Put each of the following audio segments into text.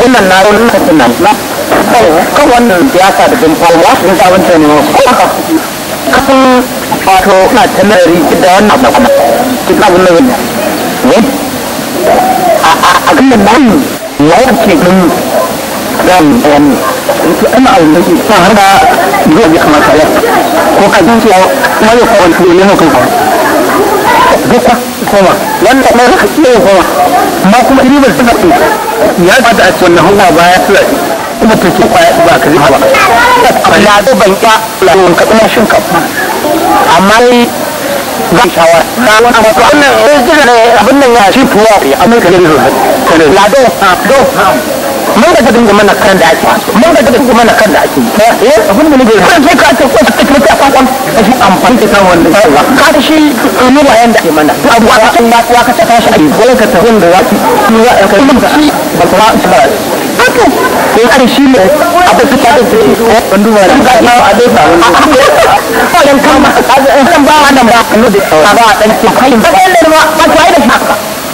wannan na ruwan kasin nan na kan wannan siyasa da bin falwa sun sa wancan ne wasu kafin wato na tanari da wannan abu kuma cikin abin da ne a ganin nan yawon ke gani dan dan to ana abin da ke sa har da zuwa bi kamata ya ko ka ji cewa kuma ya kawai ne ne kan kawai duk kuma wannan ne ka ce kuma amma kuma ribar ta zaɓi ya fata a wannan hawa baya tura kuma tuki kwaya ba ka zai ba na zo ban ya lalun ka kuma shin kafa amma yi ga shawara na wannan wannan eh, zai zira abin nan ya shi fuwa a mai kare ribar lado lado mun ga gadin mana kan da ake mun ga gadin mana kan da ake eh abin da nake kan ka ce ko ta kuma ta kan kan shi amfani da kan wannan Allah ka ta shi ne ba yanda ke mana abu ka ta ya ka ta shi a ko ka ta wanda ya ki ya ka mun ga ba ta ba haka ko kan shi ne abu ta ta ban duba da ka ta a dai ba wannan kan ba wannan ba wannan ba ba dan ki kai ba ba ta yi da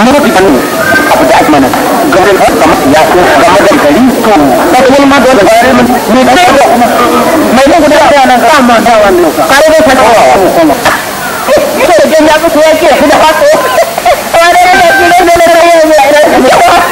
Murut kepada Azmanan. Gabriel Hart sama Yaku sama dan Gadi. Tak boleh madu ada bayar men. Mereka mereka sudah ada anak sama kawan. Kalau dia satu orang. Itu dia yang aku suka kira sudah patuh. Kalau dia lagi dia dia dia dia dia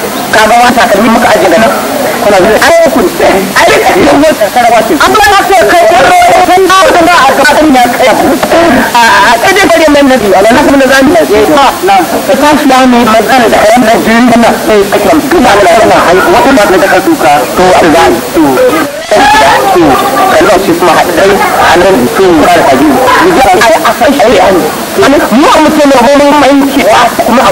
ka ga wata kalmi maka aji da nan kuna zuwa eh, ai ku ai ku wata sarawa ce an ba ka kai ko da kan da kan da aka san ya kai a kaje bare nan nabi Allah na kuma da zani ha eh, na ka ta fiya ne magana da kan da jin nan sai ka eh, kan kuma da kana ai wata ba da ka suka to a zani to kuma a nan to ba da hadari ai a sai kuma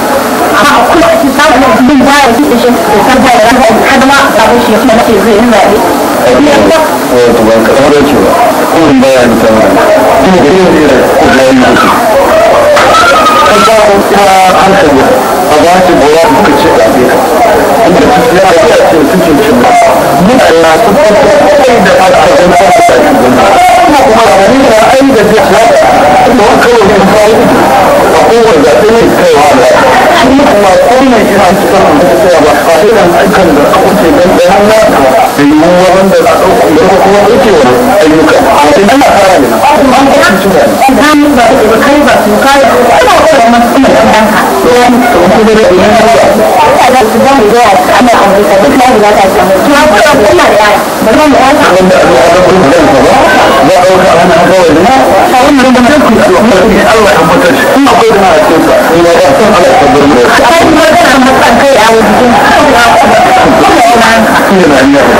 好困，就当我们另外有一些参赛的，然后开的嘛，咱们学习学习人来的。我我我可多久了？后面的你看，这个这个这个，我来一个。kan ba ku kuma hankali ba za ki goya da kuka ce a zaɓe inda su fiye da ya ce su cin cin ba muna na su kuma da aka zama ba su zaɓe gona kuma kuma da wani da ai da zai haɗa kuma wani kawai ne kawai a kowane zaɓe ne kaiwa ba. shi kuma kuma ina kira su kan da ta tsaya ba a irin aikan da kuke don ɗaya na yiwuwa wanda a ɗauka gaba kuma ɗauke wa ayyuka sai ana fara ne Awa kuma ci ba ne ba su ba kai ba su kai ba ana kuma masu kuma ɗan ɗanka to ku da rabi ne ba ba ba su ba mu zuwa ana abu ka duk lafiya ta samu to a kuma kuna da yaya ba za mu yaya wanda a zuwa da kuma ɗan ba ba ɗauka ana kawai ne a wannan da mutum ku zuwa ne Allah ya mutar shi kuma akwai da na cikin sa ne ba san Allah ya bar mu kai ma kana mutan kai a wajen ka ne na ne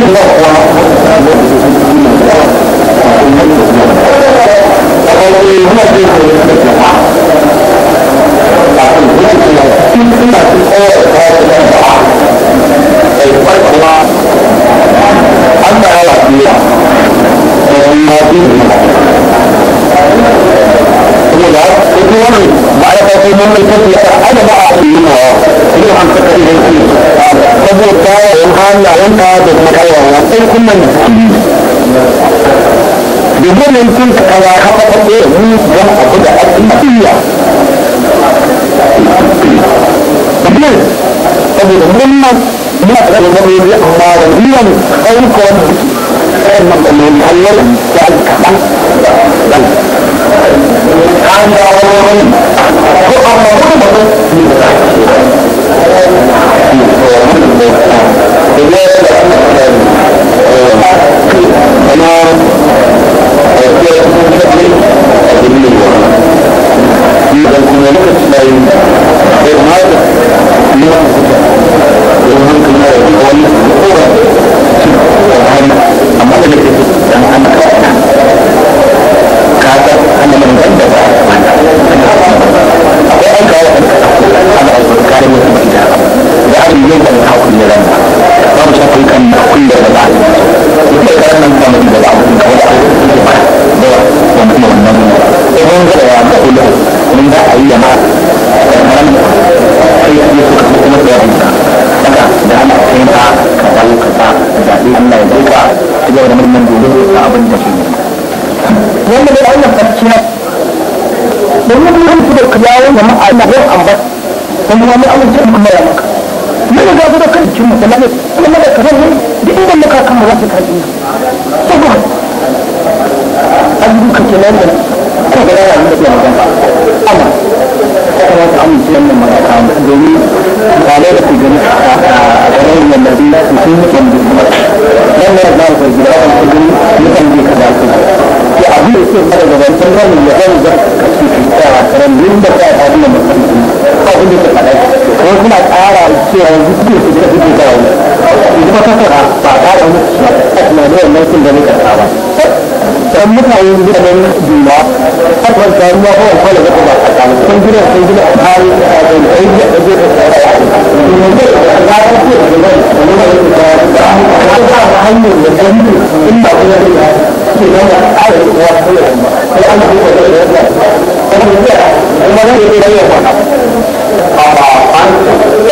Thank you. yang sin sekarang kata kata ini yang aku dah ada dia. Tapi, tapi mana mana kalau kami dia Allah dan dia ni kau kon kan mampu dan kau kan dan kau kan kau kan damuwa ne Allah zai amma ya maka mun ga gaba kan cikin musulmi kuma mala ka zanne duk inda muka kan za su kaji ni saboda ayyuka kenan da ko ga yawa da ya magana Allah ya kamata amince wannan magana domin ba da ku gani a garin nan da zai su sun mutum da kuma dan ne da ku gida da ku gani mutum da ka dace ya abin da ke fara gaban sun ya zama zaka kace ki a ran da ta fara da yanzu su ne suke suke da wani yanzu ba kasara ba ƙara musu a tunanin wannan sun da nika ba dan mutane mutanen duma har ban ta ruwa ko an fara zaka ba sun gina sun gina a kai a kan kai da zai fara yanzu da ta ce da wannan da ta ta ta hanyar da ta yi in ba ku da ke da ƙara ruwa ko da ba sai da yi da ya da kuma da kuma da ya da da ba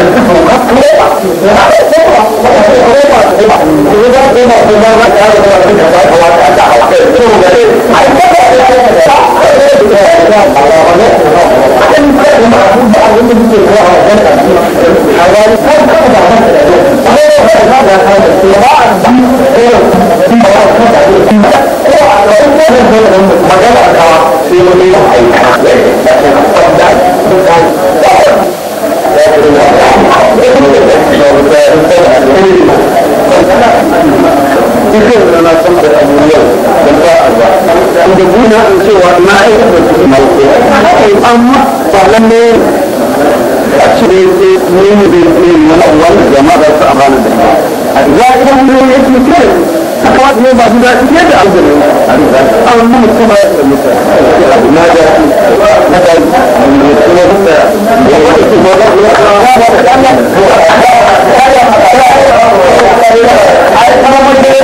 magana ta sai wani aika da ta da ta da guna an cewa na aikata amma ba a cire ne ne ne sakawa ne masu daɗi fiye da azumi an mun kuma ya na da na da kuma da ya wani kuma da ya wani da ya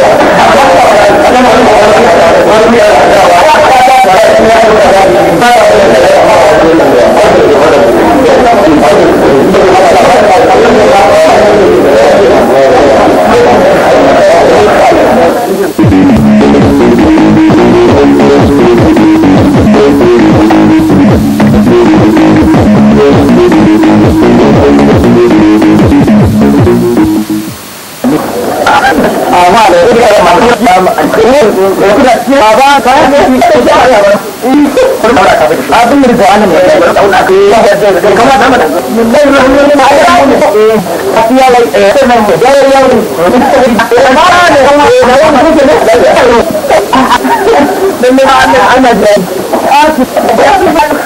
Thank you. samu ba ana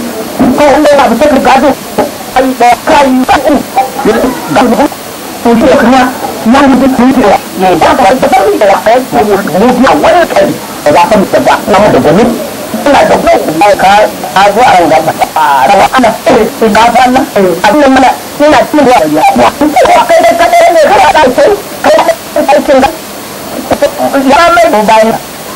ina bisa ka gado ai da kai ku gado to ni kuma na ni da ku ne ne da ba da ba ni da ai ku ne ne ya wani kai ba mu da ba na mu da gani ina da ku kuma ka a zo a ga ba a rawa ana sai ga fa Allah abin mana ina cin da ya ku kai da kai ne ka da sai kai aikin da ya mai bayan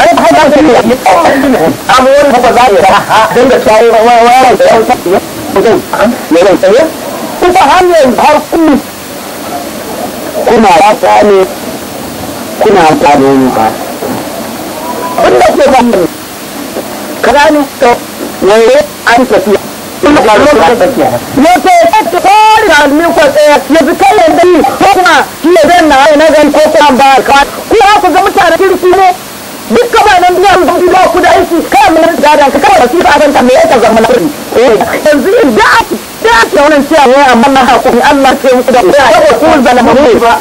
अरे भाई भाई अब वो ना बाजार में दिन का चाय वो वो वो मुझे हाँ। ये नहीं चाहिए तो हम हाँ, ये घर कुन कुन पानी कुन आता का बंदा से बंद कराने तो मेरे अंत किया थोड़ी आदमियों को ये ना ना गन को बार खा को आप गमचा रखी ने duk kawai nan biyan gudu da ku da aiki kawai mun riga da ka kawai wasifa a kanta me yasa zama na kuri eh, yanzu in da da ake wannan cewa wai amma na hakuri Allah ke muku da ya ko ku zalama mu ba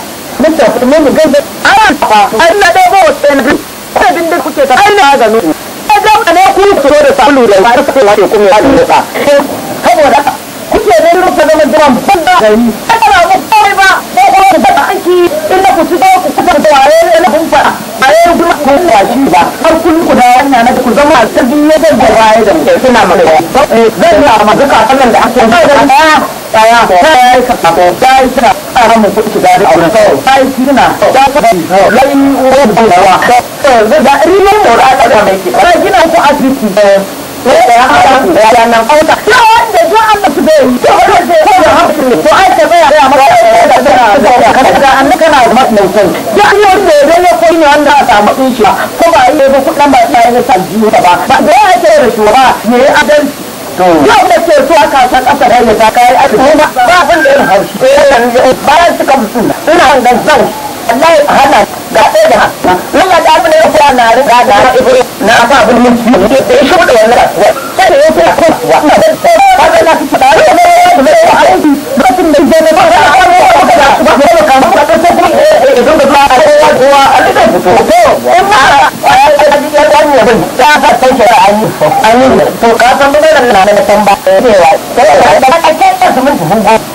mun ta mun mu gaza ana fa Allah da ba wata ne ko din da kuke ta aina ga nu da ne ku fito da sabulu da ba ta ce wa ku mu da ta eh, saboda kuke ne rufe zaman jiran banda gari kada ba kawai ba ko kuma ku aiki inda ku shiga ku kusa da waye ne na ba har kun ku zama ta biye da waye da ke suna da ake ara ka da lai uwa da rawa zai da rimon mora da mai ki kina ku ko Allah bai ko Allah ko da hankali ko ai ka tsaya da maka da da da an kana da maka nan sai ya yi wanda ya ne ko wanda a samu shi ko ba yi ba kudan ba sai ya ba ba da ya ce da shura ne adalci yau da ke zuwa kasar da ya ta eh. ba da suka mutu suna da zan wallahi hana ga ɗaya da da abin ya fi na riga da na sa abin min fi ne sai shi da wannan kasuwa sai da yake akwai kasuwa da ba da da da a yanzu lokacin da ne ba da an yi ba da ba da ba sai kuma eh don da ba a kowa kowa a da fito to in ma ai da ji ya dan ne ban ta ta shi an yi an yi to ka san ba da na na san ba sai da ka mun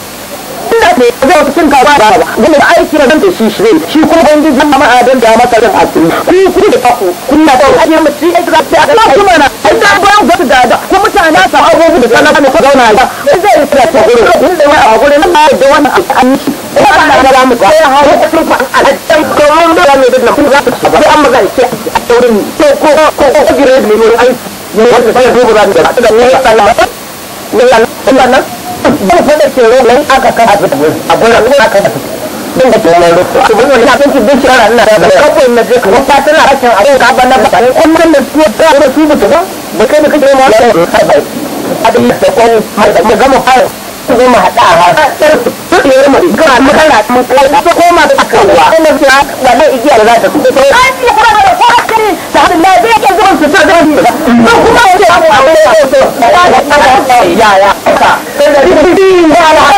da ne zai cikin kasuwa ba gane da aiki da zanta shi shi shi kuma ban jin amma da masa da asiri ku ku da ku kun na da mu ci da kuma na ai da ban ga da da ku mutane sa abubu da sallah ne ku zauna ba zai yi tsaya ta gurin kun da wani abu ne na da wannan an shi Allah ya ramu ko ya hawo ku fa alhaji ko mun da ne da za ku ci amma zai ce a taurin ko ko ko ko gire ne ne ai ne da da ne ne zan fada tsoro nan aka ka abu da gurin abu da gurin aka tafi din da ke mai rufu to na je kuma fatan na akan abin ka ma gama fara ku zo mu haɗa a hasar tsere mu a makara mu ko koma da kawa ina fiya wannan igiya da za ta fito ai ni kuma da ko a da hadin na zai ke zuwa su ta da ni ba kuma ce abu abu da so ya ya ka da ni ni ya la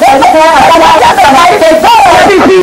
Thank you.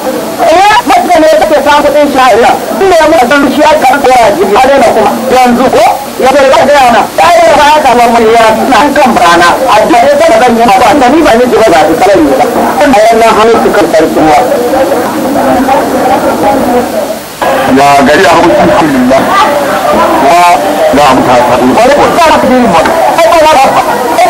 wadda eh, ne kake samun kuɗin shari'a inda ya mutu don shi aka karɓa ya ji a daina kuma yanzu ko ya bai ga gaya na ta yi ba aka ba mai ya na kan rana a jere ta da zan yi ba ta ni ba ni jiba ba su kare yi ba a yana hannun su kan sarki wa ya gari a hukun kullum ba wa da amfani da wani kusa da kuma yi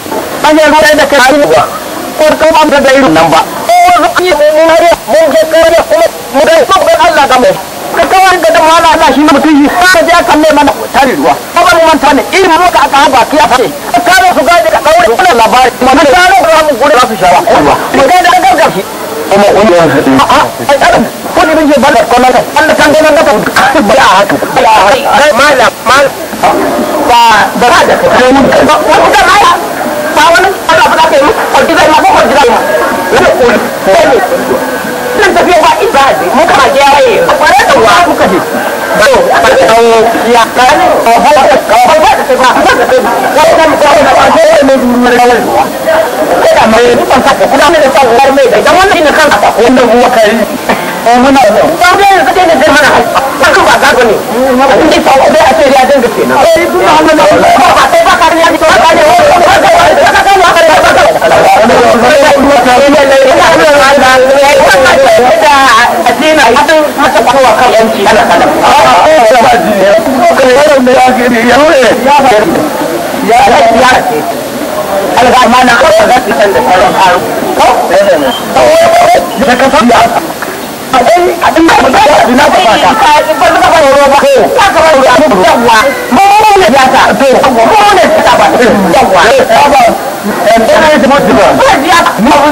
bangarorin da ka shiga ko kuma da irin nan ba mun je kare kuma mu Allah da mu ka kawar da dama Allah Allah shi mutum ka je ka mai mana tare ruwa ba mu manta ne irin mu ka aka ki a fare ka ga su ga da kawai wannan labari mun ga ro ga mu gure ba su shawa ga da kuma wani ya a ko ne mun je ba da kallon kan haka ba haka ba ba da ka ba wani ana faɗa kai mu kwanci zai ma ko kwanci zai ma wani koli sai ne nan tafiya ba ita ne mu kama gyaye a kware da wa kuka ji ba a kware da ya kare ko ba da ko ba da sai ba ba da sai wani kan ko da ba ko ne duru ne kawai ka wannan ruwa kai muna so ba da yanzu dai ne zai mana haka ba zago ne abin da fa dai a tsariya dan gaske na eh tun da hannu ba ba sai ba kariya ne to ba ne ba ba ba ba ba ba ba Alga mana haka za su san da sauran haru. Ko? Da kafa. Yan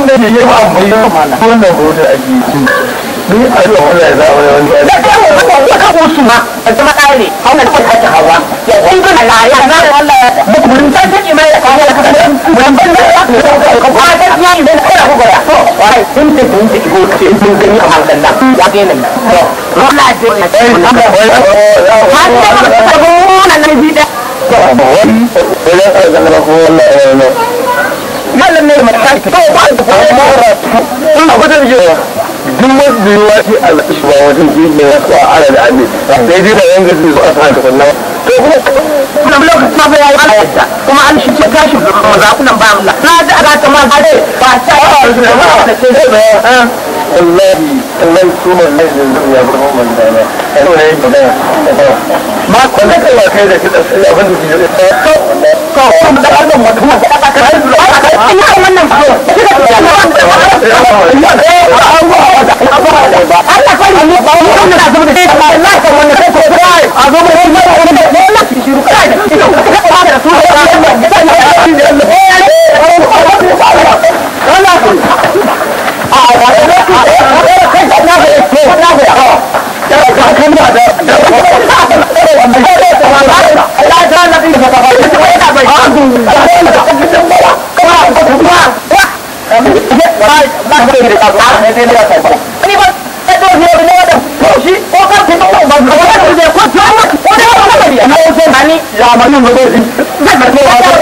da ne ya yi ba mai yi mana. Wannan bude ake cin. ni ayo wala za wala wala da ka mu ko ka ka musu ma da kuma kai ne hau na ka ta hawa ya kun ga na ya na wala duk mun ta ta ne mai ka wala ka san mun ban da ka ko ka ta ni ne ko ko ya to wai sun ta sun ta ko ka sun ga ni amma dan da ya ga nan to wala da ne amma wala wala har da ka bu na na bi da to wai wala ka ga ko wala malam ne mai ka to ba ko ina gudun jiya duk wasu yiwuwa sai a zaɓi ba wajen jirgin ne wasu a ala da annabi sai dai da yan su a sana da wannan to kuma kuma lokacin ma bai yawa kuma an shi ce gashi ba za ku nan ba Allah na ji a ga ta ma ba dai ba ta ce ba wallahi wallahi su wallahi da zuwa ya burma manzana a yau yayin magana ma ko da kai ba kai da shi da A abin da ke da to to kuma A arzikin mutum kai kai ina kai ne kai kai su da kasuwa ne sai da kasuwa ni ba ne ne ya ko sai mani ne na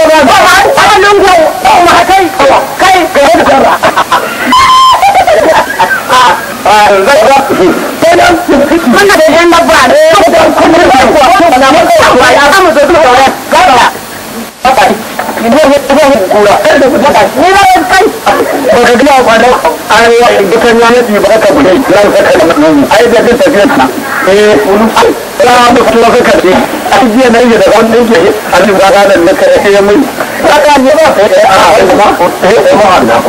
ne kai ka da kwanan an yi dukkan yanayi ba aka bude nan saka da ai da bin tafiya ta eh ta mu kuma ka kace ai jiya nan da wani yake a cikin ranar da kai ya mun kaka ne ba sai eh, a eh, eh, a ba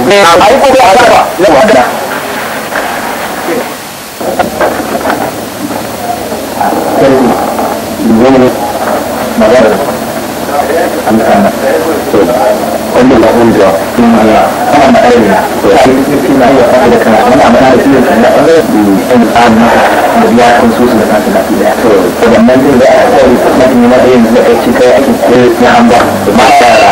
eh ba ai ko ba ba ya ba da Thank you. wanda ba mun da ana da aure to shi shi na iya fara da kana ana da shi da aure in an da kun su su da da din da kai na ni ma yin da kai ci kai ake ko na an ba ba ta ba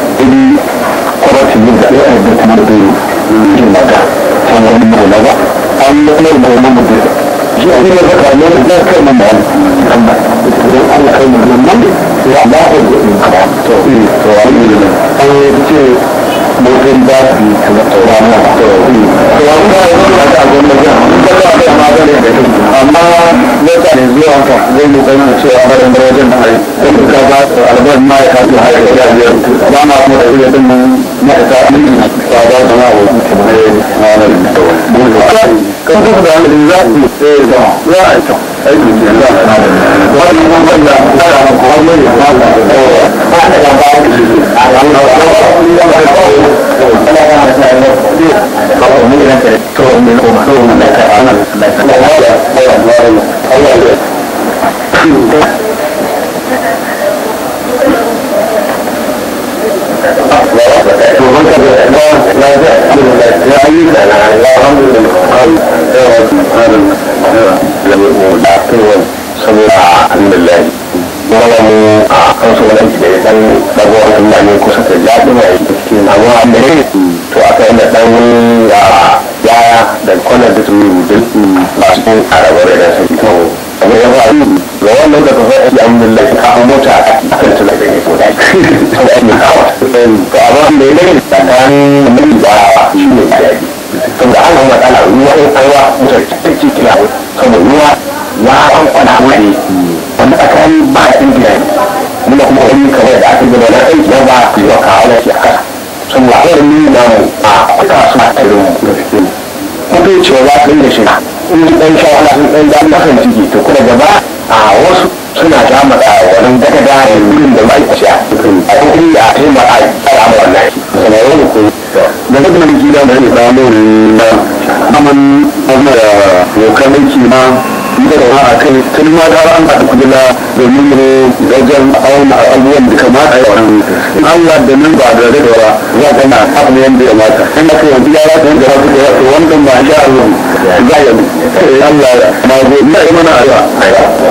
rashin da ya yi kamar da yi mata sannan gobe ba an yi kuma gobe da yi zaka ne da kai abin da su ramuwa ramuwa ya zama a da magani da shi amma ta ne zuwa ka zai yi zama cewa barin da wajen da hari zai ka ba albar ma ya kasu hari da ya ba ma kuma da iya din mun na ta ba da na da ấy thì chuyện là có những con mình là cũng là có mấy điểm quan là bạn lại làm sao à làm đâu đó đi ra ngoài đó cái này là cái này có một cái này sẽ thường đến ổn thường là đại sản là đại sản là đại sản là đại sản là đại sản Well, domin ka da ya yi da na alhamdulillah saboda alhamdulillah kuma mu a kan da ya san kusa da jaɗi mai ciki amma a to aka yi yaya da kwanar da masu arabar da su kawo da wannan da zai yi amin da ka mota a kan tana da yake da shi ta wani hawa to amma da ya rage A'a mutum da shi ne da yake saboda an hau matsala ruwa ya kaiwa mutum ta ce kila saboda ruwa ya an kwana wani wanda tsakanin ba a ɗin muna kuma wani kamar da aka gaba na aiki na ba a yi wa kawo na shi a wani na mu a kuka suna tarin da suke mutum da shi in ɗan shawara sun ɗan zama kasance to kuma gaba a wasu suna ta a wannan daga dare wurin da ma'aikaci a cikin a taimaka a tsara ma wannan sanayi ne kuma da duk wani gida da ya samu na aman amma da yokan aiki ma da ba a kai tun ma da an haɗu kujila domin mu wajen auna abubuwan da kamata ya wani in Allah da nan ba da rage ba za ka na abu yadda ya mata in aka yanzu ya rata yadda za ku ga wannan ba ya Allah za ya Allah ma zo ina yi mana a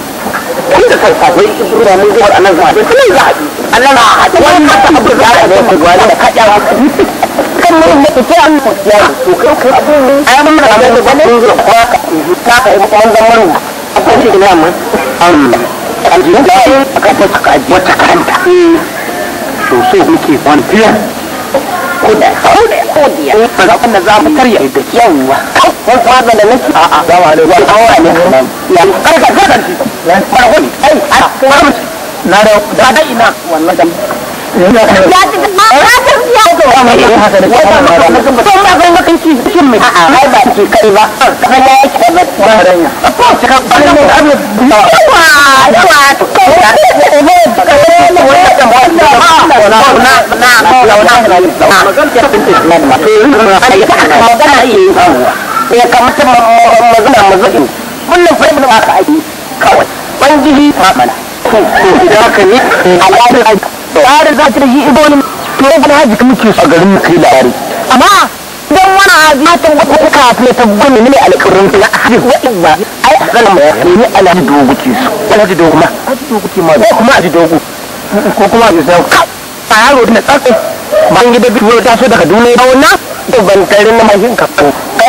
kan kafin da mun zuwa annan zuwa da kuma za a a ta abu da ya ba gwani da kaɗa kan mun da ke ya to kai abu ne mun da abin da wani zuwa ko ka ka mun shi da ka ta ka wata karanta muke ko da ko da ko da za mu karya da yawa kun fada da a'a ne ya karka ai a kuma na da da da ina wannan ya kai ba kana ya ki da ba ya kamata mazuna mazuɗin kullum fa ibn aka aiki kawai ubangiji ta mana to idan haka ne al'adar aiki tsarin za ta da shi ibonin to wani haji ka muke a garin kai labari amma dan wani haji matan wata kafin ta gumi ne alƙarin ta haji wa'in ba ai a zanen mai ne alhaji dogo ke su alhaji dogo ma alhaji dogo ke ma ko kuma alhaji dogo ko kuma alhaji dogo a yaro da tsatsi ban gida biyu ta so daga duniya ba wannan ban tarin na mahin kafin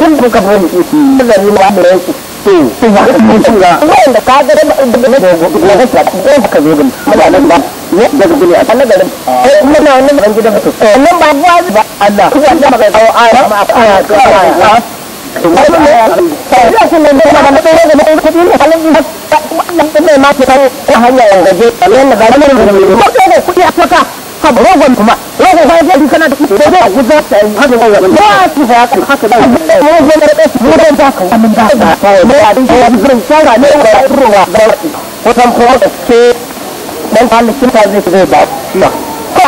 sun buka fari da ni ma da yanki to ba ka mutum ga wanda ka ga da da da da ka zo ba ne da gani a kana a a a rogon kuma rogon ba zai kana da kuɗi da zai guza ta yi haka ba ba su fa kan haka ba mu zo da kasu mu dan ta ka mun ba ta a din ya zan fara ne ko ke dan ta ne kin ta zai zai ba Ko ta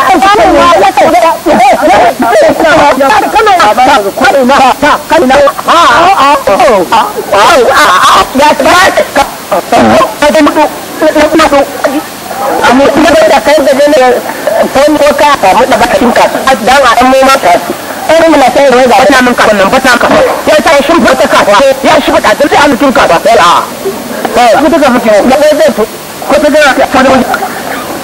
gara ka da wani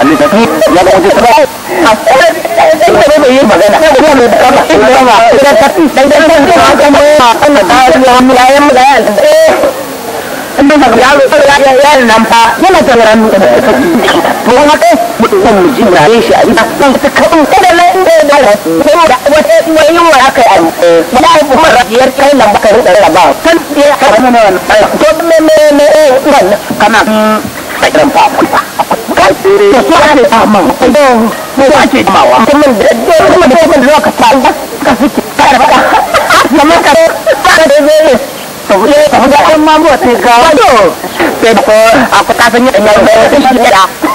alisafi ya yi magana kuma mai ma kai mutum mu ji na shi a ina san da da da wata wani yi yi kana da su ake samun da su ake jimawa kuma da kuma da kuma da zaka samu ka suke kare baka ka da ta saboda an mamuwa sai gawa sai ko ya shi da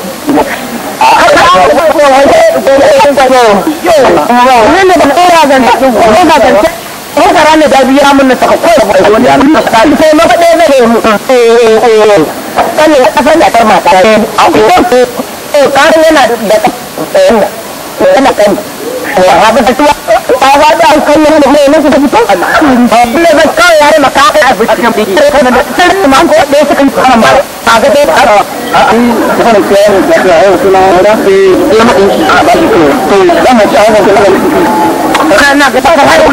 Rokara ne da biya mun na saka kawai da wani kawai yare a bi. Sai ma a'a da fara kiyaye yau a baki to to dan mu a na ka na ka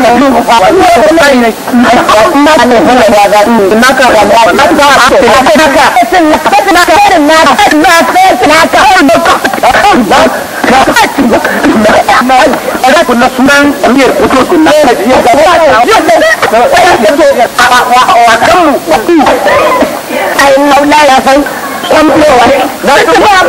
na ka na ka na kwamflowa na su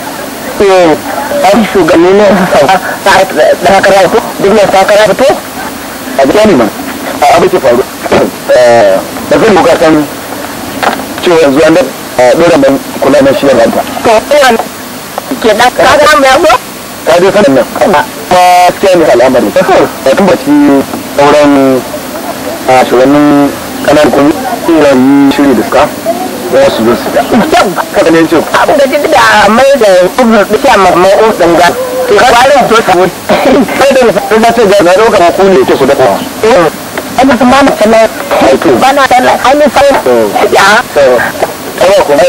ake ɗan shugabanni ne na hakara ko duk mai takara fito a jiya ne ma a abu ke faru da zai bukatan cewa yanzu an da ɗora mai kula na shi yaranta. ke da kaga mai abu? ta je sanin nan ta cikin ne al'amari ta tabbaci sauran shugabannin kanar kuma shiri da suka kuma su zo su ga abu da duk da mai da kudu da ga kwarin to wuri sai da ke su na ba na tana sai ya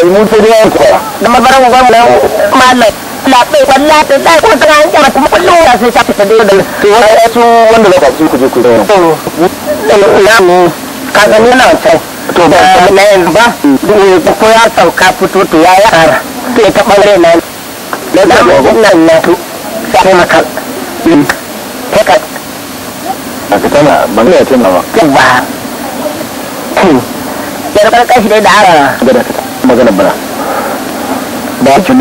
mun da na sai an kuma kullum sai shafi ta dole to wanda ku ka na to ba na yanzu ba ko ya sauka fito to ya yi ara to ya ta ɓangare na na da nan na to sai maka hmm. a ka aka tana bangare ya taimaka ba yar karkar shi da ara da magana bana ba ki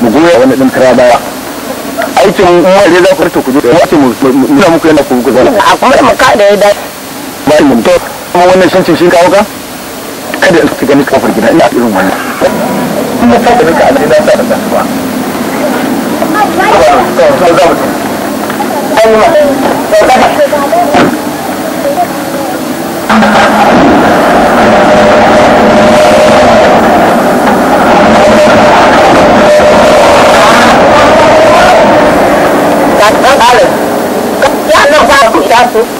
mu goya wani din kara baya aikin umar da za ku rike ku je wace mu nuna muku yana ku ku zana a kuma mu da ya da ba mu to kuma wannan shancin shi kawo ka kada a su gani kofar gida ina irin wannan in na sa ganin ka a na sa da ta ba Thank you.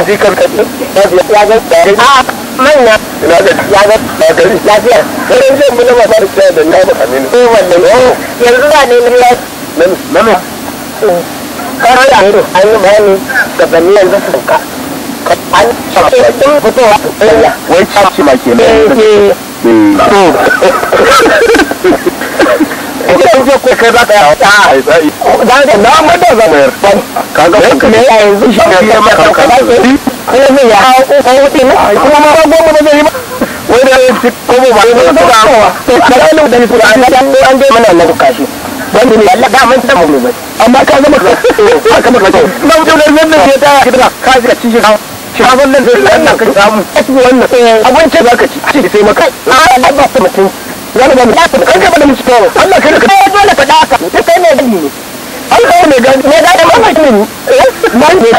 jikar ka ya ga tsarin a manya ina ga ya ga tsarin lafiya garin zai mu lama fara tsaya da na ba kamin eh wannan oh yanzu ba ne mun lafiya nan nan kawai a yaro an yi bayani da bani yanzu su ka an shafakin fitowa eh. wai shafi ma ke nan eh, eh. Oh. kuke ko kai za ka yi da da na mata za ka yanzu shi ne ya maka ka za zai ya ko wuce kuma ma ba zai yi ba wai da ba ba da an ga an ga mana na ne Allah da mu amma ka zama ka ka na da ta kidra ka ji ka ci shi shafan nan ka samu wannan abinci za ka ci sai maka Allah ba ta mutum wani gani an kai bada musu kawo Allah kai ka kai dole faɗa ka ta kai mai gani Allah mai gani ne gani mai gani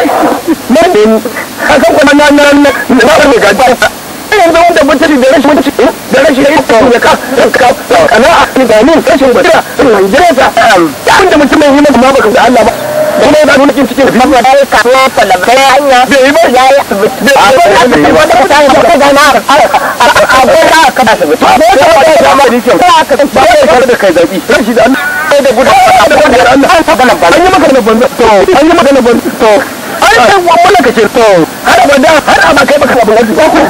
ne ne san kuma na na na mai gani yanzu wanda mutane da rashin mutunci da rashin da ka kana a ni da ni rashin gudura Najeriya ta abinda mutum mai yi masa da kuma ya nuna kin cikin zuwa ya yi kasuwa kwalabai hanya bai yi ba ya yi asibiti a gwamnati wata mutane da ta gana a gwamnati a kan asibiti ba ya kama da ya kama da kyau ba ya kama da kai zaɓi rashi da an da gudu da gudu da an an magana ban an yi ban to an yi magana ban to an yi wani ka ce to har abada har amma kai baka rabu lafi ba ku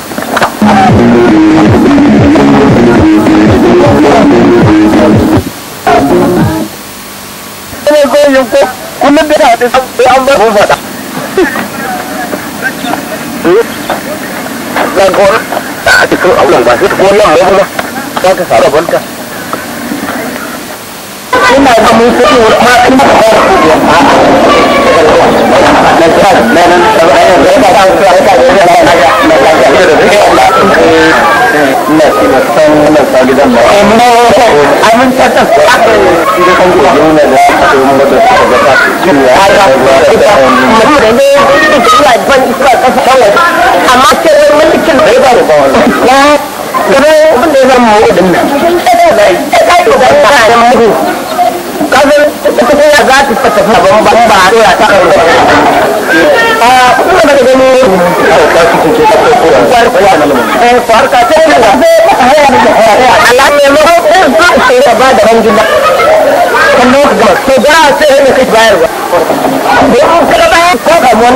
Thank you. kullum da haɗe sai an bar mun faɗa eh? zan a cikin aulan ba sai ko nan mu ba ka samu banta ina ga mun sai wani ma in ba ba na ta na na bai kaga tafiya za ta fata fa ba ba ba a dora ta karo a kuma daga gani farka ta yi da Allah ne mu ba sai ka ba da rangina kan nan ka ga to da sai ne kai bayarwa ko ka bayar ko ka mun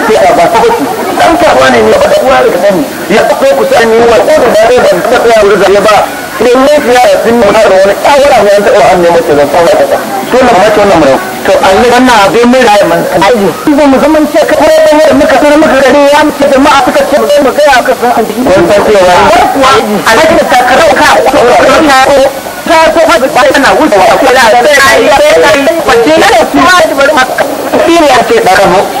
kake a ba sabaki dan kasuwa ne ne ba da uwa da sani ya ko ku sani wa ko da dare da tsaya ya ba idan ne fiya da sun mu haro wani kawara ne an taɓa an nemo zan tsawon to na mace wannan to Allah wannan mai man aji zan mu zaman ce ka kare da mu muka sanar muka gari ya mu ce jama'a suka ce mu mu ga ka san an digi wannan da sakaro ka wannan ta ko ha kana wuce ko da sai ai sai ai ce ne ce da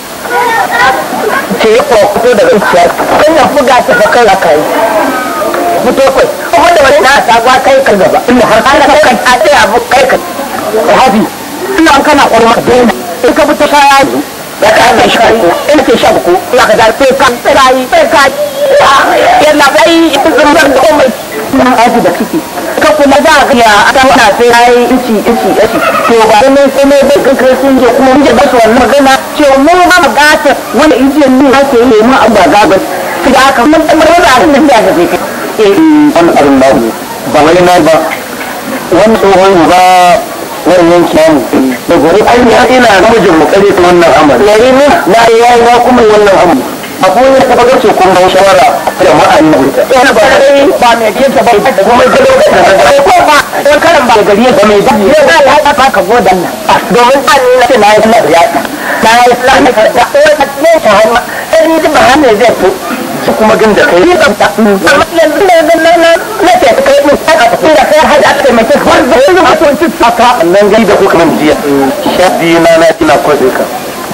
ki yi kwakwado kan buga ta fa kai fito kai kuma da wani na ta gwa kai kan gaba inda har kana kan ta tsaya kai ko hafi ina an kana kwarma in ka fito kaya ne ka shi ko in ko ka da kai kan kai bai da sunan aji da ciki ka kuma za a ya ta wata sai ya yi ici ici ici to ba ne sai ne bai kan kai sun je kuma mun je ba su wannan magana ce mu ba mu gata wani ici ne ake ne mu an ba gaba sai da aka mun tsamar wani abin da ya ga zai eh an arin ba ba wai na ba wannan tsohon ba wani yanki mu da gori an ya ina namijin mu kare wannan amari yare ne na yayi ba kuma wannan amari a kuma ta fagar ce kun ban shawara da ma'an na wuta yana a yi ba mai biyan ta ba da kuma ga lokacin da ba ko ba don karan ba gari ba mai ba ne ba ya ta ka go nan domin an na ce na yi na ya na yi na ne ka da ne ta hanna sai ni ba hanne zai to su kuma gin da kai amma yanzu ne na na na ce kai mu ta ka tsira kai har aka mai ta har da yanzu ka so ci nan gai da kuma jiya mm. sha na na kina kwazo ka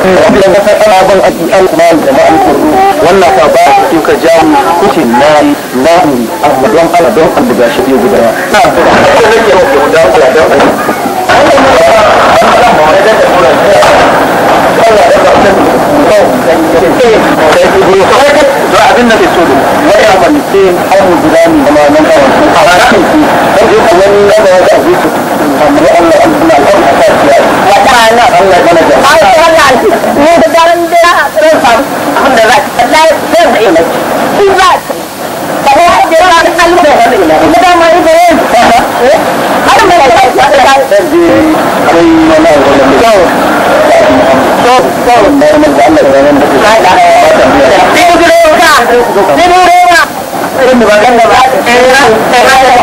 wannan kasar ana ban aki alkumal da ma'an kuru wannan ka ba su kika jawo kushin na na amma don ala don an daga shi guda na da nake abin da ke so da wani da da da da da da da Ada mana ada ada ada. Ada yang mana ada ada. Kau, kau, kau. Mana mana ada ada. Tipu kilo ka, tipu dewa. Ini bukan dewa. Dewa, dewa, dewa.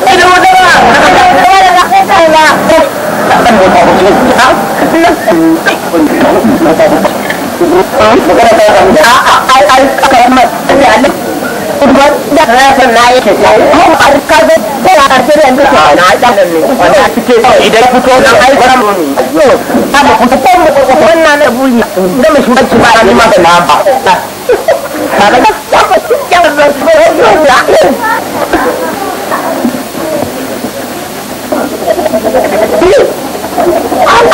Tipu dewa. Dewa dewa kita dewa. Bukan bukan bukan. Bukan apa yang kita. Ai ai kalau mas, ini ada. Bukan, dah pernah itu. Oh, ada kalau karfe yanzu ka na na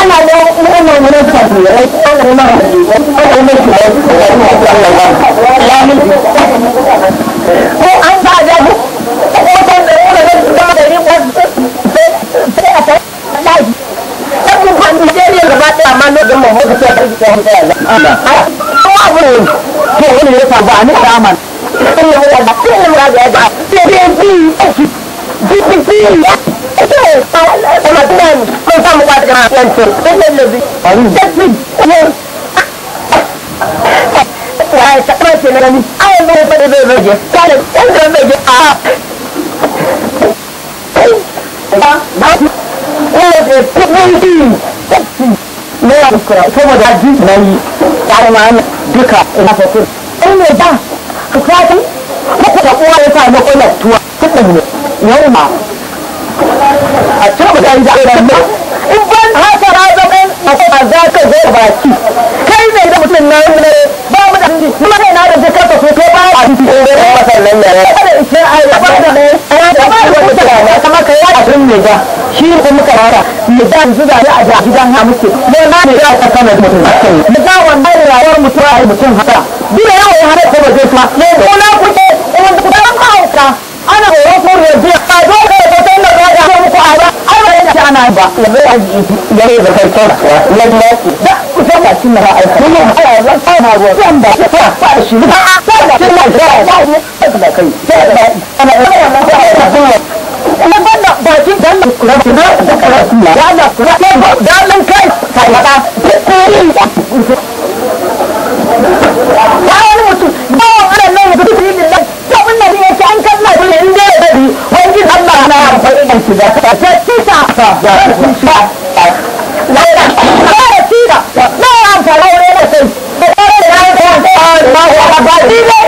ana da wannan ne ta ne ana ma da ne gari sai a sai laji sai kun ba ni raman sai ya wada sai ya wada da na ni ai zai zai ta saboda ji na yi tare ma duka ina ne ba ka ko ya sa na tuwa kudin ne yau ma a cikin da ya yi da in ban haka ra a za ka zo baki kai ne da mutum na yi ciki kuma kai na da jakar ta soso ba a cikin ɗaya masar nan da ya ce a yi ba da ɗaya a ba da wata da kama ka yi a cikin mai ja shi ne kuma karara mai ja su zane a ja gidan ha muke ne na mai ja ka kana mutum mai ja wanda da rayuwar mutum a yi mutum haka duk da yawa ya hana ko zai fa ne ko na kuke in ku da ka hauka ana horon ko rediyo a dole ka ta tanda ba da muku a ba ai ba ana ba da zai yi gare da kai kawai na da ba shi na ra'ayi mun mun fara ran fara ruwa ba shi fara fara shi ba da shi shi kai ba ba ba ba an kalla ko in da da wani Allah na amfani da shi mahu abadi lah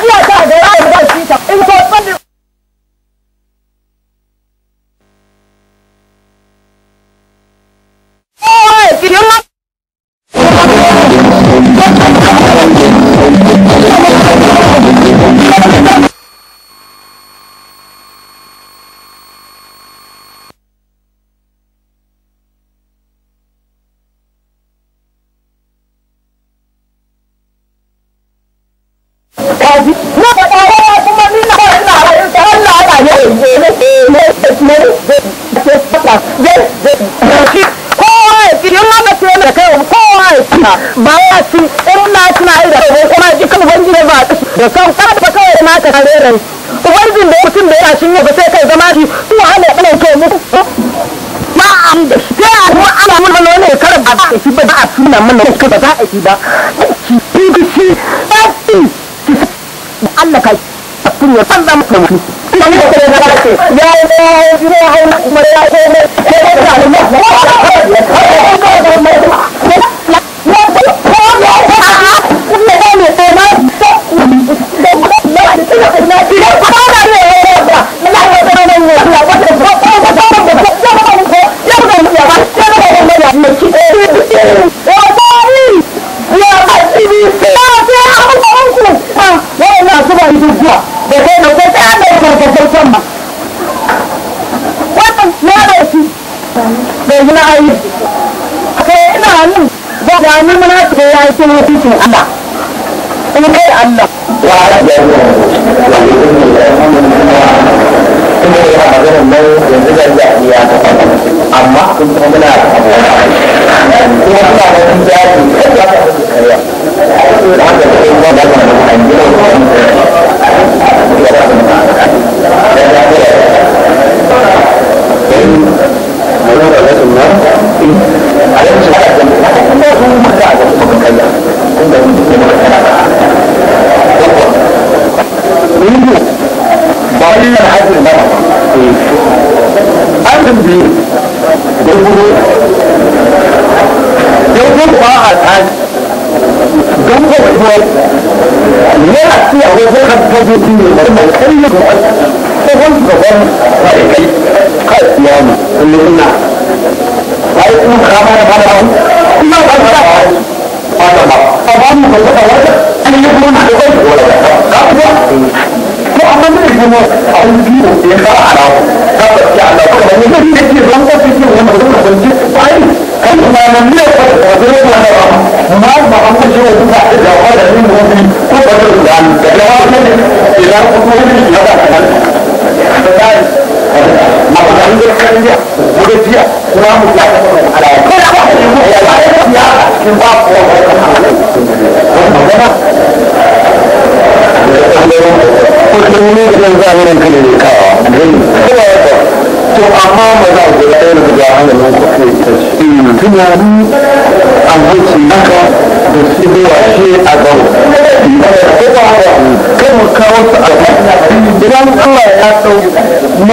kai ubangin da mutum da yana shi ne ba sai kai zama shi ko mu ma am da ana mun wani ba a shi ba za a tuna mun ba za a ba shi shi shi Allah san zama ne ce ya ya ya ya ya ya ya yanzu na ayi kai ina nan ba da ni muna ce ya yi sun wasu sun Allah in kai Allah wa ya kuma ya magana nan yanzu da ya iya amma kun kuma muna abuwa kuma muna wani jari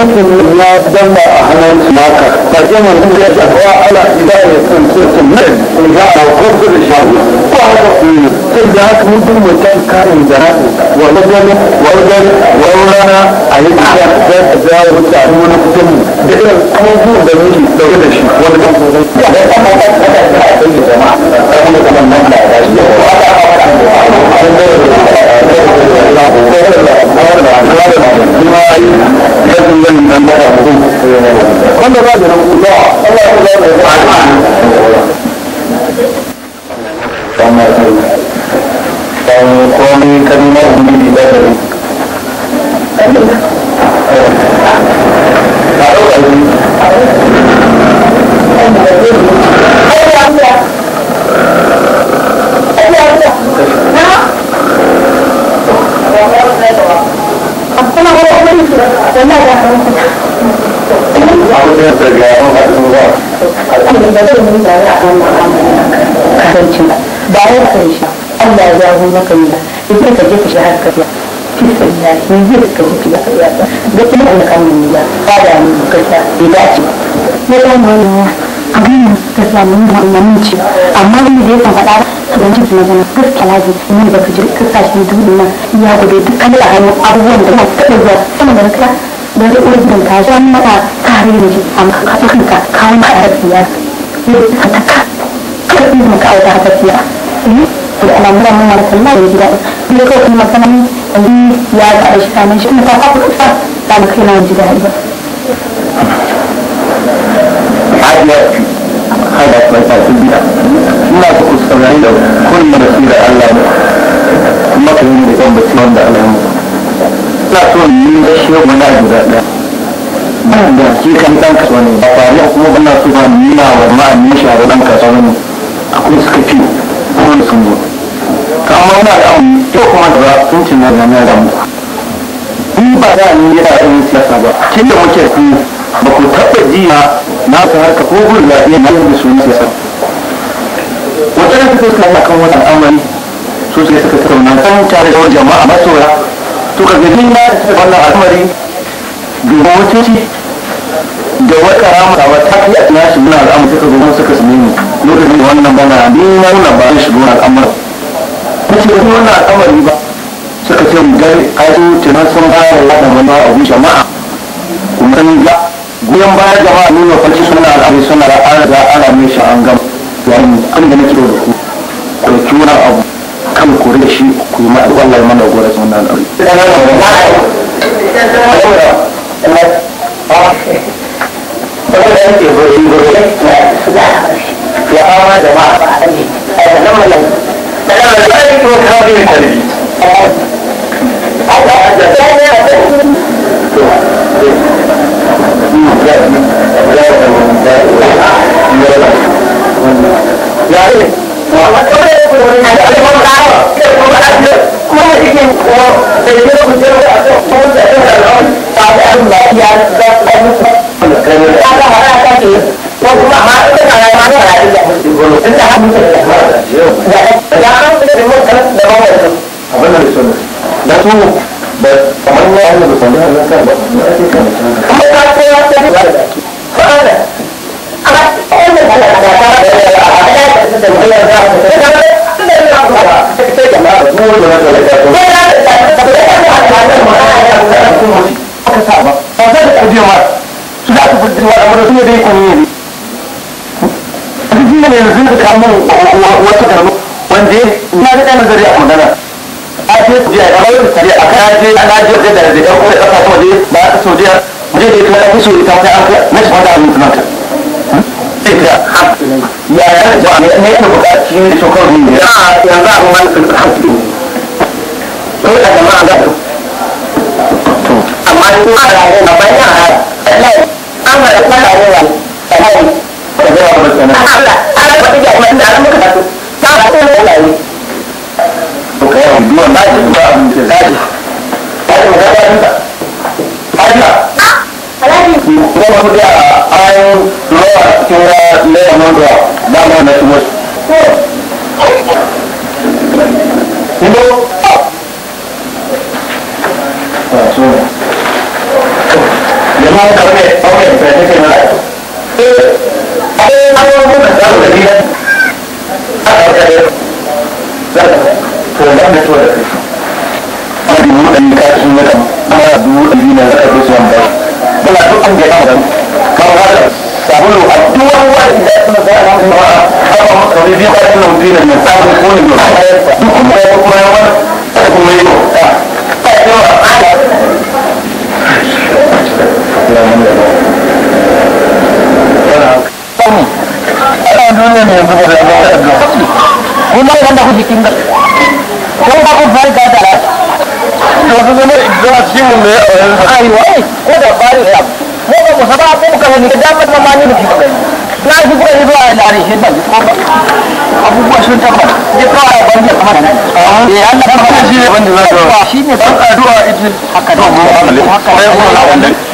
mutum ya damba a hannun maka ba ke mutum ya tafiya ala ida ya san sosin nan ya a kwamfi da shahu ko haka ne. sai da haka mutum mutum karin jara'i wani gani wani gani wani rana a yi tafiya da ta jawo mutane wani mutum da irin abubuwan da muke dauke da shi wani kan kuma ya da kama da kama da kama da kama da kama da kama da kama da kama da kama da kama Quando va di non so, allora cosa vuoi fare? Sono come camminare di vita. abincin ba ba ya ka yi shi Allah ya zaho maka yi ka je ka shi har ka biya kisan ya yi zai ka mutu ya karya ga kuma Allah ka mun ya ba da ni ka sa bai dace ba ne ba mu ne abin da samu wannan ce amma ni da yake faɗa ci na zama gaskiya laji ni ba ka ji kasashen duniya ya gobe duk kan abubuwan da ka kada zuwa sama da ka da da urgin ka ja maka kare ne amma ka saka kawo ma da siyasa ka ta abin da muka aika haka fiya da al'amura mun mara kalla da ji daɗi in da kawai sanan yanzu ya ga shi kanan shi in ka kafa kuɗa ba mu kai na ji daɗi ba. Hada kuma ta su biya. Ina ku kusurari da kun mara su da Allah Kuma ku yi da kan bacci wanda Allah ne. Ina so ni da shi wani abu da ɗaya. ban da shi kan dan kasuwa ne ba tare kuma ban na so ba ni na wa ma ni shi a dan kasuwa ne akwai suka fi kuma sun zo to amma muna da amma ta kuma da sun cin na zama da zamu in ba da ni yana da yin siyasa ba kin da muke su ba ku taɓa jiya na ka harka ko da lafiya na yin su siyasa wata da suka yi akan wannan al'amari su sai suka tattauna kan tare da jama'a masoya to ka gani na da wannan al'amari wata ce da wata ramata wata fi a tunashi muna al'amari suka zo suka same ne lokacin da wannan bana ni maula ba ya shigo al'amura ta ce wani wannan al'amari ba suka ce rigar kaji ce na sun bayar da yada a abu ma'a kuma kan ga goyon baya jama'a nuna farci suna al'amari suna da an riga ana mai shi an gama yayin abin da nake da ku ku da wani abu kan ku da shi ku yi ma'a wallar mana gore sun na al'amari. Thank you. being da da ɗan uwa da waje ba ta saudiya mu da ya kai musu na shi ya ya ne ne wani ko da amma ba da ne ba ya an da ne ba ta ba ta ta ba ne ba ne. ba halitta halitta kuma ku da an rawa cikin wa lera manduwa da ma na tumo Hello? Oh, sorry. Jemaah kami, oke, saya cek ini lagi. Ada yang mau berbicara lagi kan? Ada yang Sudah, sudah, sudah. Ada yang mau berbicara lagi kan? naira dubu ɗari ne zai ɗauke su wanda muna dukkan da kama da kama hada sabulu a duk wani wani da suna zai ana kuma a kama masa wani biyu bayan nan biyu ne mai samun kone biyu duk kuma ya kuma ya wani kuma yi ta ta yi wa Ana duniya ne yanzu ba da yawa. Kuna wanda kuke kin gaskiya. mu me ai wai ko da bari da mu ba mu saba ko muka ah. eh, ne da damar ma ni da kike ne ji kuka zuwa da ne shi ban a sun tabbata ji ka ba ban ji kamar ne eh Allah ka shi ne ban da shi ne ban addu'a idin haka ne haka da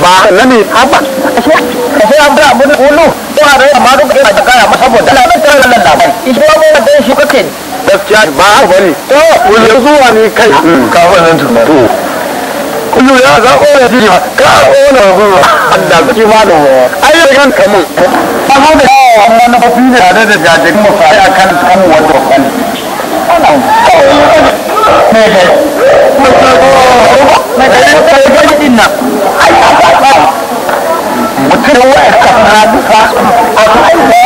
ba sannan ne haba kashe abu da mun kulu ko a rai amma duk ina da kaya ma bota da nan tare nan labai ishe abu da shi kake gaskiya ba a bari to wani zuwa ne kai ka wannan tuma to kullu ya za ko oh, ya ji ka ona zuwa Allah ki malam ai kan kamun amma da amma na fafi ne da da jajin mu fa akan kan wato kan ana ko ne mutum waya kan hadisa a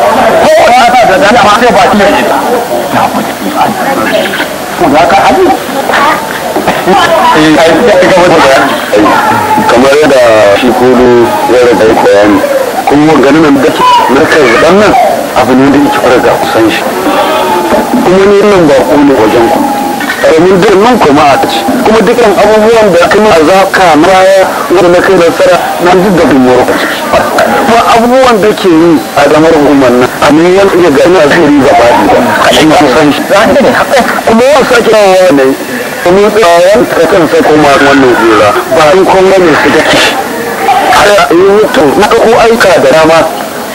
kowa da dana ma sai baki ya da kamar yadda shi kudu ya rada yi bayani kuma ganin da ke narkar da nan abu ne da yake ga kusan shi kuma ni nan ba ne wajen ku karamin birnin kuma a ci kuma dukkan abubuwan da kuma a zaka maya wanda na kai nasara na duk da kuma kuma abubuwan da ke yi a zamar hukumar nan a ne yan iya gani a zuri gaba a cikin kusan shi kuma yawan sake yawa wanda kuma tsawon ta kansa kuma wannan jura ba yi kuma ne su da kishi har yi mutu na ko aika da dama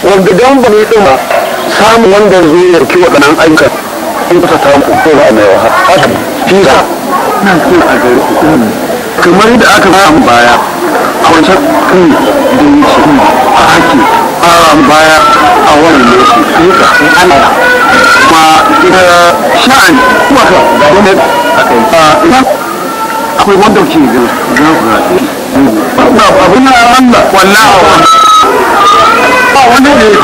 wanda dan ba ne ɗuma samun wanda zuwa ya ɗauki waɗannan ayyukan in ka samu ko a mai wahala hakika na so a gari kamar yadda aka samu baya a wancan kan da wuce a haki a baya a wani lokaci hakika in ana ma ita eh, sha'ani kuma ka ga wani a ah, akwai wanda ke ga abu na Allah wallahi ba wanda ne yi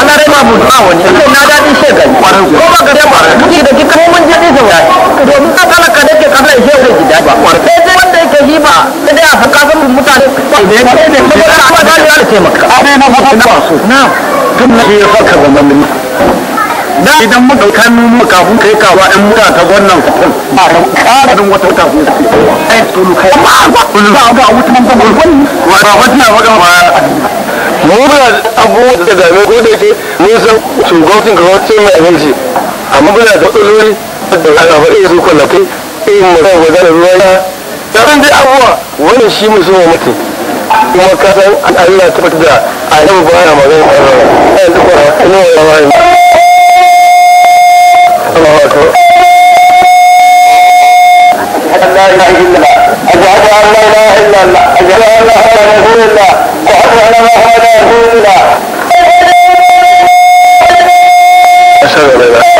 ana rai babu ba wani ko na dadi she gani kwaran ko ba ga ba kike da kika mun mun da wani domin ka ka dake ka kai she gani da ba sai dai wanda yake yi ba sai dai a saka san mutane ba da yake ne ba da ba da ya ce maka a ne na fata na so na tun ne ya saka zaman ne da idan muka kanu mu kafin kai kawa ɗan muka ta wannan ba ran karin wata kafin ai tulu kai ba ba ga wutan ba wannan ba wannan ba ba muna abubuwan da dame ko da yake mun san ga wata mai aminci amma muna da matsaloli da ana faɗi su yi irin mai yi ruwa ya yaran dai abubuwa wannan shi mu so mutu kuma ka san Allah ta fata da a ba na magana ba yanzu kuma ina yawa وبركاته أشهد لا إله إلا الله أشهد أن لا إله إلا الله أشهد أن محمدا رسول الله وأشهد أن محمدا رسول الله أشهد أن لا إله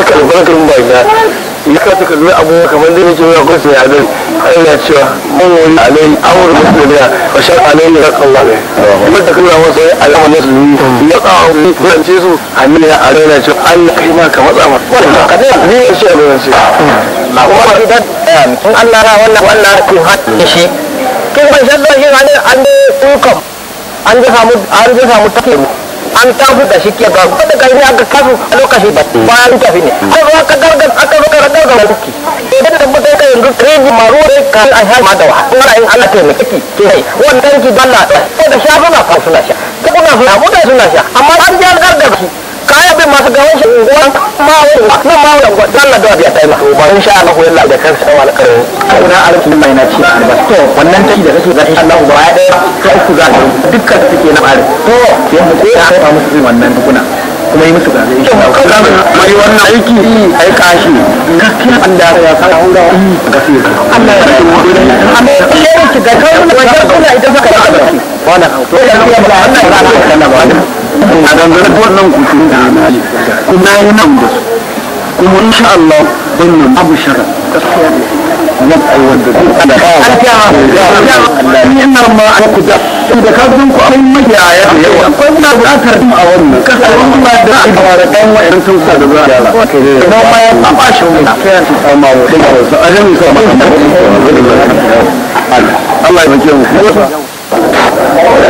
haka albarkar ba ina ya ka ta kalli abubuwa kamar da yake yana kwasa ya dai Allah cewa mun wani alai amur musulmiya wa shan alai ya raka Allah ne kuma da kallon wasu alama na su ya yi zance su hannu ya alai na cewa Allah kai ma ka matsa ma wannan ka ne ne ya ce abin ce kuma ba da in Allah ra wannan wannan ku haɗe shi kin ban shaddan yi an an yi tukam an da samu an an tafi da shi ke ga kada kai ne aka kafu a lokaci ba bayan tafi ne ko ruwa ka gargar aka ruwa ka gargar kuki idan da mutai ka yanzu kreji maro ne ka a har ma da wa kuma in Allah ta mai kiki ke sai wannan ki dalla ko da shafa na fa suna sha ko na fa mutane suna sha amma an ji an gargar kaya bin masu gawan shi unguwan mawurin nan mawurin na dawa biya taima sha Allah yalla da kansa da wani karo kuna arzikin mai na ci ba to wannan da kake Allah ba ya daya ka uku za ka dukkan su take na bare to ko ya musu wannan tukuna kuma yi musu gaza insha Allah mai wannan aiki ai kashi gaskiya Allah ya fara hura gaskiya Allah ya amma ki ga wannan kuna idan ka wannan to ya wannan a dangane da wannan kusur da hanali kuma yi nan da su kuma insha Allah wannan abu shara da aiwata duk an ku da da ka da yawa akwai ina buƙatar a wannan kasa wannan da a fara dan wa'in sun sa da za a yara kuma ma ya fafa shi wani kayan su sama wa dai wasu a jami'a sa ma Allah ya bake mu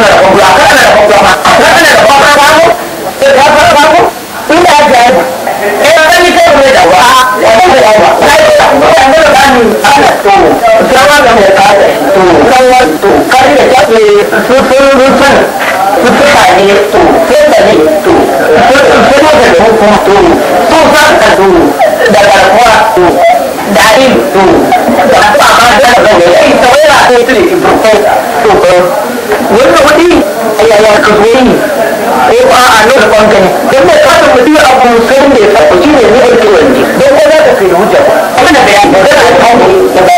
Hold on. yaya ka zo ni ko a a nan ban ka ne dan mai ka san mutum abu sai ne ka ku ne ne ake wani dan ko za ka kai hujja ba da da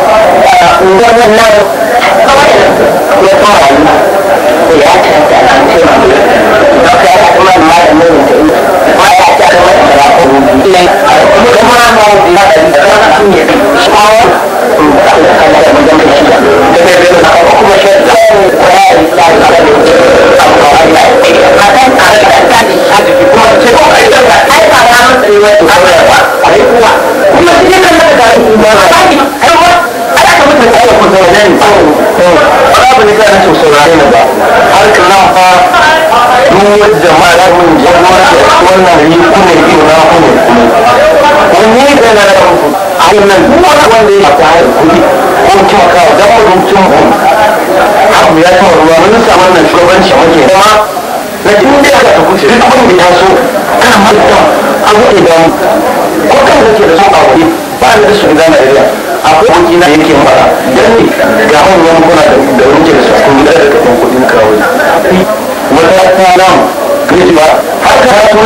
unguwar nan nan ya fara yi da ya canza na cewa da ka yi kuma malamin da yi ma ya ta da wani da ko ne kuma ma ma da da ka shi ne shawa da ka da mun da shi da da da na kuma shi da ko ya yi da da da akan akan da shi kuma ce ko ai da ai fara mun da wani abu da ba ai kuwa kuma shi ne kan da da ba kan ala ku zaune ne babu ni kana so saurare ba har na fa duk jama'a da mun jagora da wannan yi kuma yi na kuma ne ni da na da ku annan duk wanda ya ta hayar kudi ko kuma ka da mu tun mu abu ya ta ruwa mun samu wannan shugabanci muke kuma na duk da ka ta kuce duk abin da ya so kana manta abu idan ko kan ke da so abu ba ni da su idan na iya akwai na yake fara dan ga manyan kuna da wuce da su gida da kudin kawai wata ta nan ba ne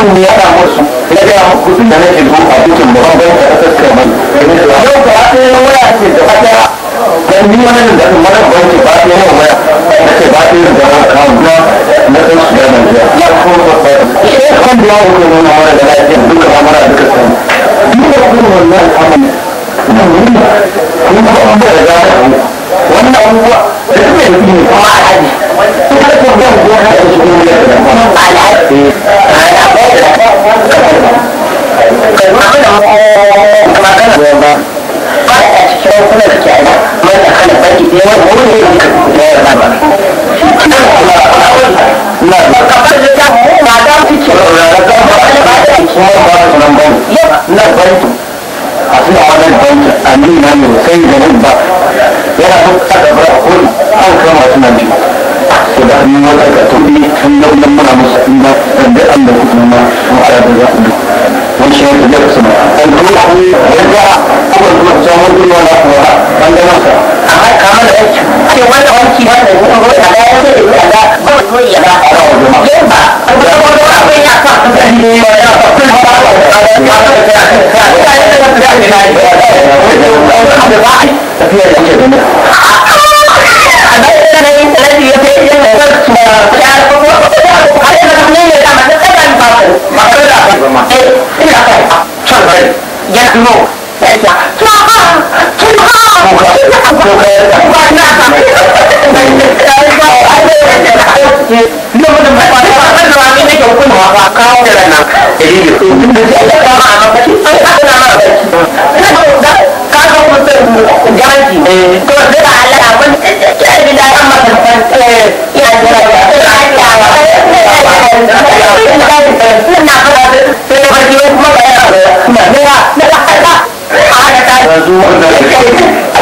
musu ya ga kudin da nake a cikin mu ban ta kai yau ka ta yi waya ce da fata dan ni wannan da kuma ba ta waya ba ta yi da ran kawo na na san su nan ya ko ba ba kan da ya mara da lafiya duka mara duka san duka kuma wannan wannan wuri kun da wannan abubuwa da su ne ne kuma alhaji a har kun zan gona da a zuwa wajen banki a nuna mai sai da ba yana nan kada ba a kori an kama suna ji to da hannun wata ka tobi sun nan muna musu in ba dan da an da kuma ma mun ara da za ku wani shi ne da kuma an kuma ya ga abubuwan da sun wani wani wani wani bangaren sa bayan kamar da aiki ce wani wanki wanda ne ko da da yake da da ba ko ya ba ko ba ko da ko da abin ya ka da ni ma ya ka kun ba ba ya ka da ka da ya ka da ni na da da ba tafiya da ke da a da da ne da ya fi yin da su da ya ko ko a da ne ne da ma da ba ba ma ka da ba ma eh ina ka can bai ya no ya ta to ha phù khởi phù khởi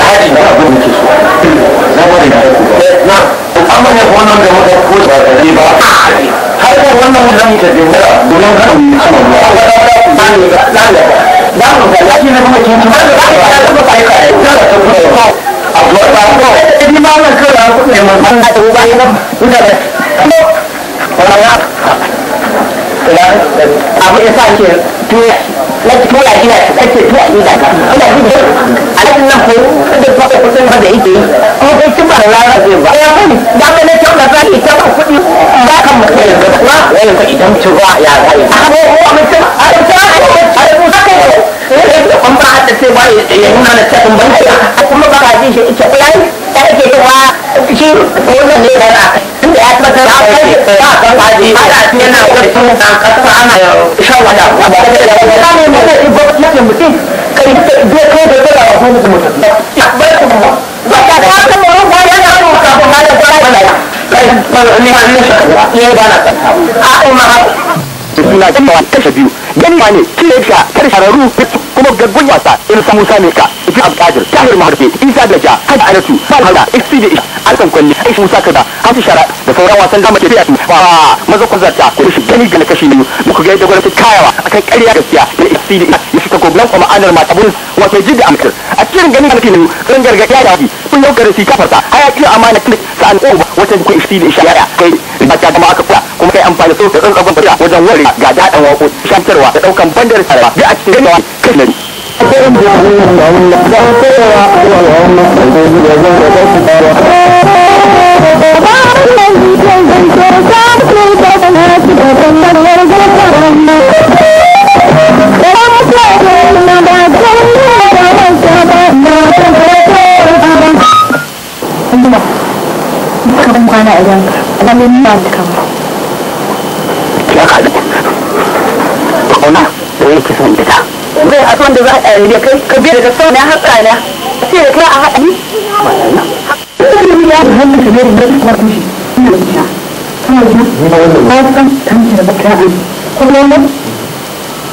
haɗi na abin da ke so na bari na na amma ne ko nan da wata ko da ba ne ba har da wannan wannan ke da mura domin kan mu sama ruwa ba ne ba na ne ba na mu da lafiya ne kuma kin ba da ba kai kai da ta fara a zuwa ba ko ni ma wannan kira ko ne mun san da ba ne ba ina da ko na ya abu ya sa ke tuya na ki tura gina ki tu a gina ka ina ji da alhaji nan ko da ba ka kusan ba da yake yi ko kai kin ba rara zai ba ya bani da ka ne tauna za ki tauna kuɗi ba kan mu kai ba kuma wai ka idan ci ba ya kai a ko ko mun ta a ta ko a ko ta an ba hada sai wani ya nuna na ta banki kuma ba ka ji shi ita kullai ta yake cewa shi wannan ne da tunda ya tabbatar da kai ba ka faɗi ana yana wani ana shan wada ba da da ne ne ne ba yake mutum kai da bai kai da ba mutum mutum ba ba ba ka ba ma ba ne ne ne ba a umma biyu gani ne kila ka kar shararru kuma gaggun wasa in samu same ka ji abdajir tahir maharbe isa da ja hajji anatu falhada xc da isa e, alkan kwalli aishi musa kada hasu shara da sauran wasan da mace biya ba maza kwanza ta ko shi gani ga kashi ne muku ga yadda gwamnati kayawa a akan ƙarya gaskiya da xc da isa e, ya ta gobulan kuma anar ma tabun wato ji da amkar a cikin ganin alfi ne ran gargaɗiya da hafi kun yau garin si kafarta hayakin amana sa'an ko wata kun xc da e isa ya kai ba ta gama aka kula kuma kai amfani sosai da tsantsan basira wajen wari ga daɗin wako shantarwa da ɗaukan bandar sarwa da a cikin ganewa kan nan. Kamu kemana aja? Kamu ini kamu? kauna da yake son ita bai a da za a yi kai ka biya da sauna ya haka na sai da kai a haɗa ni idan ka za ka bukata ba ka ji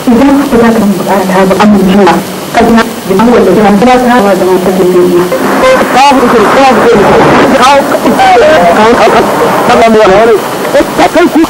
wanda ba ta da da duniya ka ku ku ka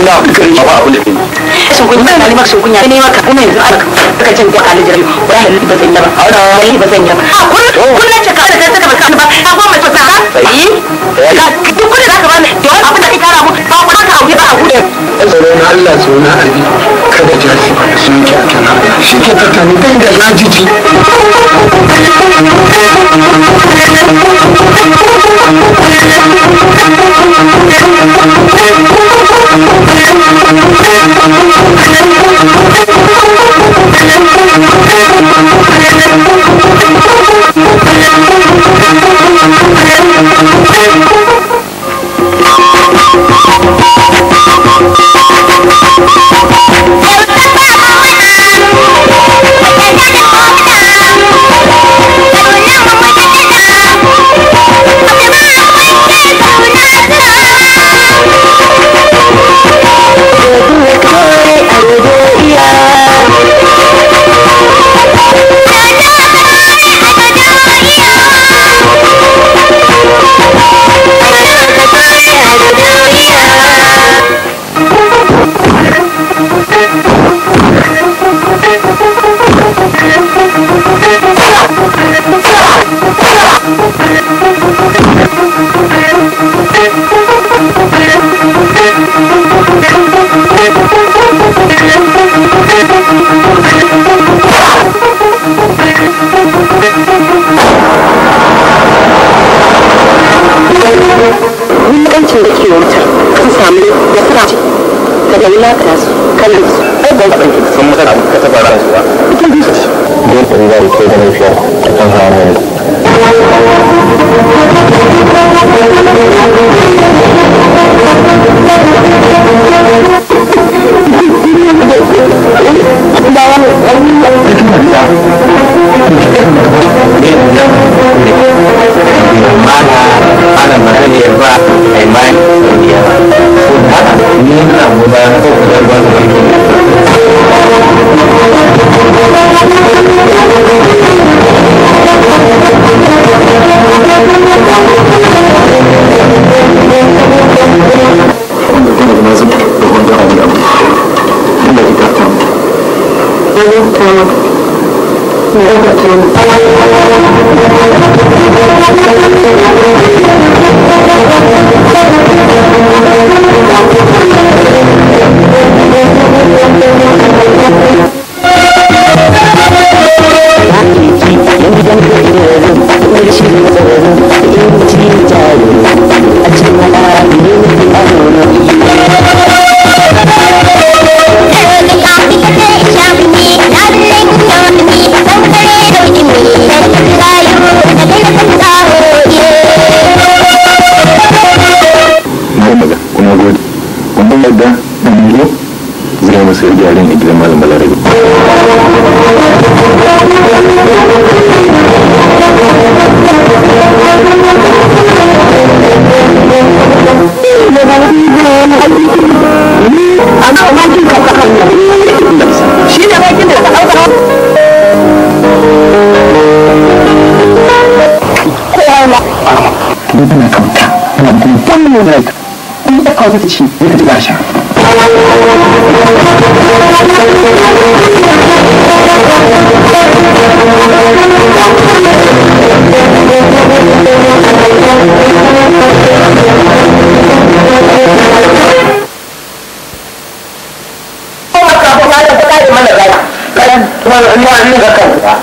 na ba abin da kai sun na limar sun kunya ne maka kuma yanzu aka kaka cin kwa kalin jirgi wallahi ba zan ba zan kun kun ce kai saka ba to yi ka duk abin da kai kara mu ba ku ba a hude tsoron Allah tsoron abi kada sun ki shi ke dan da Gracias.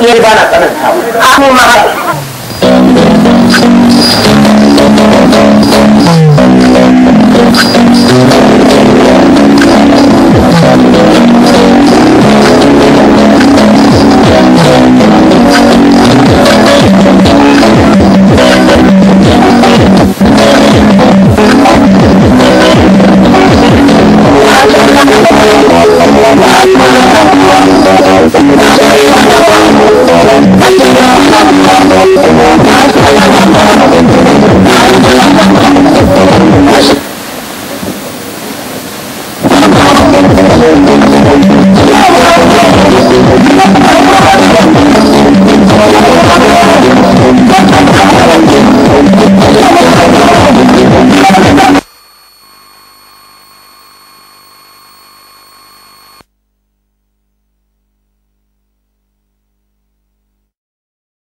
ये गाना करण था